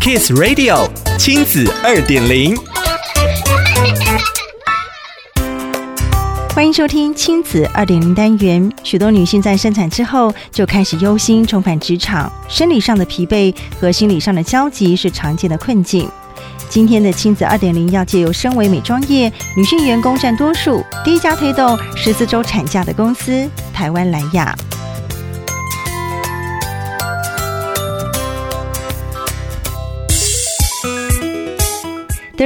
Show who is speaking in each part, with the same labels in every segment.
Speaker 1: Kiss Radio 親子二點零，歡迎收聽親子二點零單元。許多女性在生產之後就開始憂心重返職場，生理上的疲憊和心理上的焦急是常見的困境。今天的親子二點零要借由身為美妝業女性員工佔多數，第一家推動十四周產假的公司——台灣萊雅。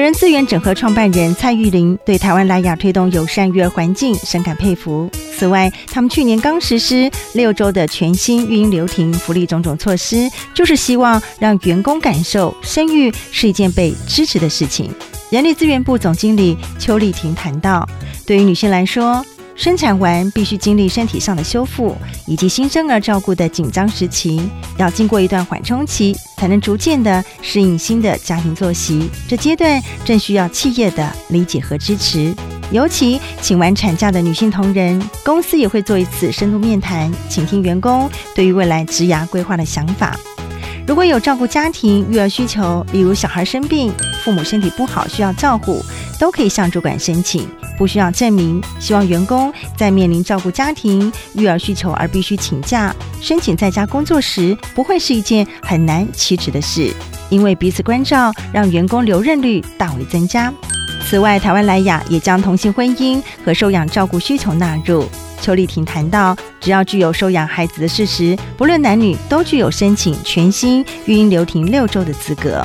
Speaker 1: 人力資源整合創辦人蔡玉玲對台灣萊雅推動友善育兒環境深感佩服。此外，他們去年剛實施六週的全新育嬰留停福利種種措施，就是希望讓員工感受生育是一件被支持的事情。人力資源部總經理邱麗婷談到，對於女性來說，生產完必須經歷身體上的修復以及新生兒照顧的緊張時期，要經過一段緩衝期，才能逐漸的適應新的家庭作息。這階段正需要企業的理解和支持，尤其請完產假的女性同仁，公司也會做一次深度面談，傾聽員工對於未來職涯規劃的想法。如果有照顧家庭育兒需求，例如小孩生病、父母身體不好需要照顧，都可以向主管申請。不需要證明，希望員工在面臨照顧家庭、育兒需求而必須請假、申請在家工作時，不會是一件很難啟齒的事。因為彼此關照，讓員工留任率大為增加。此外，台灣萊雅也將同性婚姻和收養照顧需求納入。邱麗婷談到，只要具有收養孩子的事實，不論男女，都具有申請全薪育嬰留停六週的資格。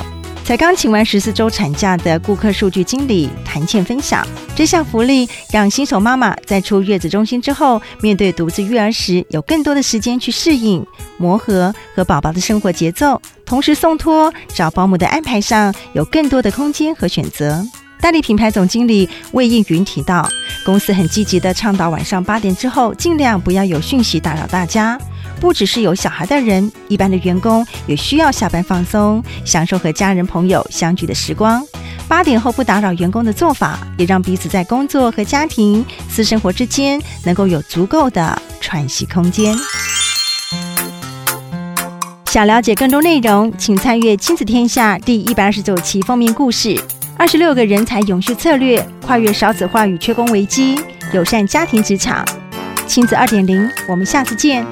Speaker 1: 才剛請完十四周產假的顧客數據經理譚倩分享，這項福利讓新手媽媽在出月子中心之後，面對獨自育兒時，有更多的時間去適應、磨合和寶寶的生活節奏，同時送托找保姆的安排上有更多的空間和選擇。大力品牌總經理魏應雲提到，公司很積極地倡導晚上八點之後儘量不要有訊息打擾大家。不只是有小孩的人，一般的員工也需要下班放鬆，享受和家人朋友相聚的時光。八點後不打擾員工的做法，也讓彼此在工作和家庭、私生活之間能夠有足夠的喘息空間。想了解更多內容，請參閱《親子天下》第一百二十九期封面故事：二十六個人才永續策略，跨越少子化與缺工危機，友善家庭職場。親子二點零，我們下次見。